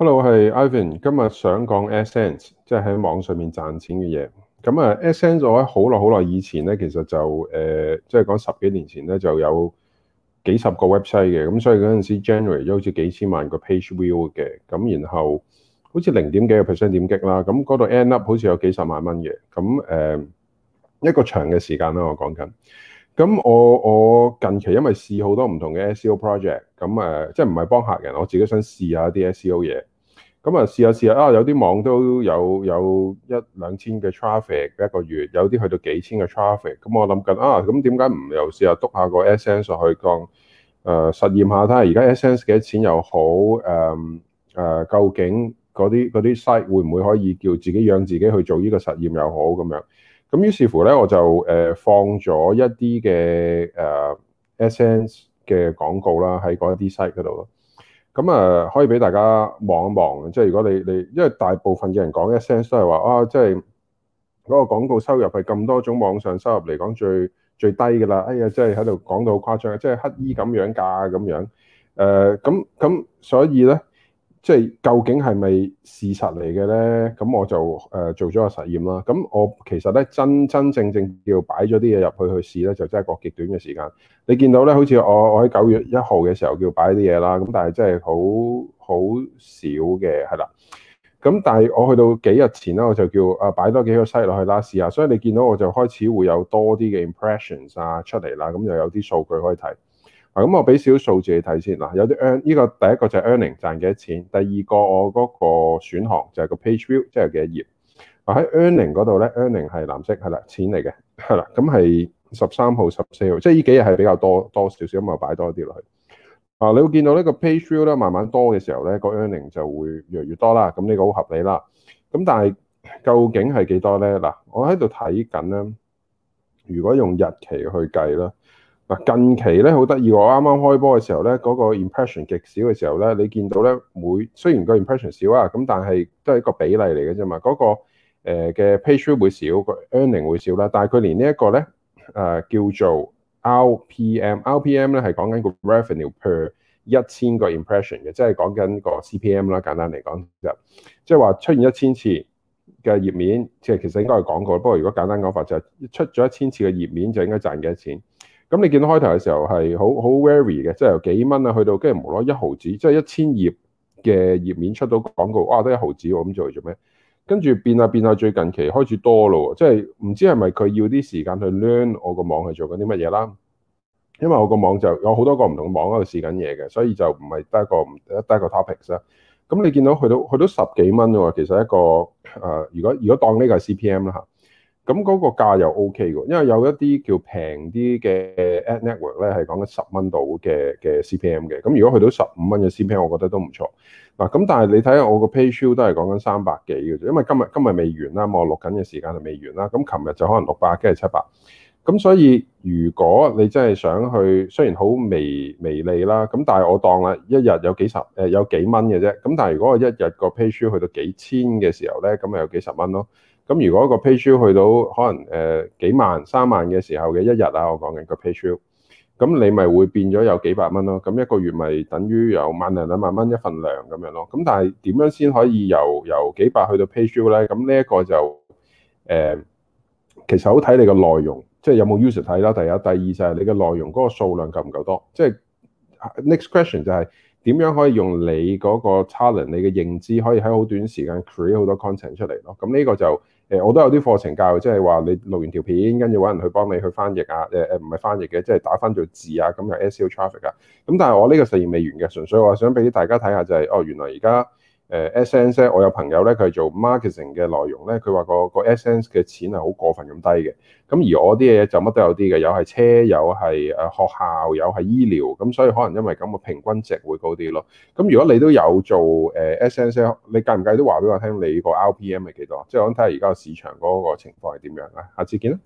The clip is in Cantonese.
Hello，我係 Ivan，今日想講 Adsense，即係喺網上面賺錢嘅嘢。咁啊，Adsense 我喺好耐好耐以前咧，其實就誒、呃，即係講十幾年前咧，就有幾十個 website 嘅，咁所以嗰陣時 generate 咗好似幾千萬個 page view 嘅，咁然後好似零點幾個 percent 點擊啦，咁嗰度 end up 好似有幾十萬蚊嘅，咁誒、呃、一個長嘅時間啦，我講緊。咁我我近期因為試好多唔同嘅 SEO project，咁誒、呃、即係唔係幫客人，我自己想試下啲 SEO 嘢。咁啊試下試下，啊有啲網都有有一兩千嘅 traffic 一個月，有啲去到幾千嘅 traffic。咁我諗緊啊，咁點解唔又試下督下個 SS 去降？誒、呃、實驗下睇下，而家 SS 幾多錢又好？誒、嗯、誒、呃，究竟嗰啲嗰啲 site 會唔會可以叫自己養自己去做呢個實驗又好咁樣？咁於是乎咧，我就誒放咗一啲嘅誒 SNS 嘅廣告啦，喺嗰一啲 site 度咯。咁啊，uh, 可以俾大家望一望。即係如果你你，因為大部分嘅人講 SNS 都係話啊，即係嗰個廣告收入係咁多種網上收入嚟講最最低㗎啦。哎呀，即係喺度講到好誇張啊，即係乞衣咁樣㗎咁樣。誒咁咁，所以咧。即係究竟係咪事實嚟嘅咧？咁我就誒做咗個實驗啦。咁我其實咧真真正正叫擺咗啲嘢入去去試咧，就真係個極短嘅時間。你見到咧，好似我我喺九月一號嘅時候叫擺啲嘢啦，咁但係真係好好少嘅係啦。咁但係我去到幾日前啦，我就叫啊擺多幾個 site 落去啦試下。所以你見到我就開始會有多啲嘅 impressions 啊出嚟啦，咁就有啲數據可以睇。咁我俾少數字你睇先嗱，有啲 earn 呢個第一個就係 earning 賺幾多錢，第二個我嗰個選項就係、e e、個 page view 即係幾多頁。嗱喺 earning 嗰度咧，earning 係藍色係啦，錢嚟嘅係啦，咁係十三號、十四號，即係呢幾日係比較多多少少咁，我擺多啲落去。啊，你會見到呢個 page view 咧慢慢多嘅時候咧，個 earning 就會越嚟越多啦。咁呢個好合理啦。咁但係究竟係幾多咧？嗱，我喺度睇緊咧，如果用日期去計咧。近期咧好得意喎。我啱啱開波嘅時候咧，嗰個 impression 極少嘅時候咧，你見到咧每雖然個 impression 少啊，咁但係都係一個比例嚟嘅啫嘛。嗰個誒嘅 pay through 會少，個 earning 會少啦，但係佢連呢一個咧誒叫做 RPM，RPM 咧係講緊個 revenue per 一千個 impression 嘅，即係講緊個 CPM 啦。簡單嚟講，即係話出現一千次嘅頁面，即係其實應該係講過。不過如果簡單講法就係出咗一千次嘅頁面就應該賺幾多錢。咁你見到開頭嘅時候係好好 wary 嘅，即係由幾蚊啊去到跟住無啦一毫子，即係一千頁嘅頁面出到廣告，啊得一毫子，我咁做嚟做咩？跟住變下變下，最近期開始多咯喎，即係唔知係咪佢要啲時間去 learn 我個網係做緊啲乜嘢啦？因為我個網就有好多個唔同嘅網喺度試緊嘢嘅，所以就唔係得一個得一個 topics 啦。咁你見到去到去到十幾蚊喎，其實一個啊，呃，如果如果當呢個係 CPM 啦嚇。咁嗰個價又 OK 嘅，因為有一啲叫平啲嘅 ad network 咧，係講緊十蚊到嘅嘅 CPM 嘅。咁如果去到十五蚊嘅 CPM，我覺得都唔錯。嗱，咁但係你睇下我個 pageview 都係講緊三百幾嘅啫，因為今日今日未完啦，我錄緊嘅時間係未完啦。咁琴日就可能六百，跟住七百。咁所以如果你真係想去，雖然好微微利啦，咁但係我當啦，一日有幾十誒有幾蚊嘅啫。咁但係如果我一日個 pageview 去到幾千嘅時候咧，咁咪有幾十蚊咯。咁如果個 page view 去到可能誒幾萬三萬嘅時候嘅一日啊，我講緊個 page view，咁你咪會變咗有幾百蚊咯。咁一個月咪等於有萬零兩萬蚊一份糧咁樣咯。咁但係點樣先可以由由幾百去到 page view 咧？咁呢一個就誒，其實好睇你個內容，即係有冇 user 睇啦。第一，第二就係你嘅內容嗰個數量夠唔夠多。即係 next question 就係。點樣可以用你嗰個 talent，你嘅認知可以喺好短時間 create 好多 content 出嚟咯？咁、嗯、呢、這個就誒，我都有啲課程教，即係話你錄完條片，跟住搵人去幫你去翻譯啊，誒、呃、誒，唔係翻譯嘅，即係打返做字啊，咁就 SEO traffic 啊。咁、嗯、但係我呢個實驗未完嘅，純粹我想俾大家睇下就係、是，哦，原來而家。誒 SNS、uh，我有朋友咧，佢係做 marketing 嘅內容咧，佢話、那個個 SNS 嘅錢係好過分咁低嘅。咁而我啲嘢就乜都有啲嘅，有係車，有係誒學校，有係醫療，咁所以可能因為咁個平均值會高啲咯。咁如果你都有做誒、呃、SNS，你計唔計都話俾我聽你，你個 RPM 係幾多？即係我想睇下而家個市場嗰個情況係點樣咧？下次見啦。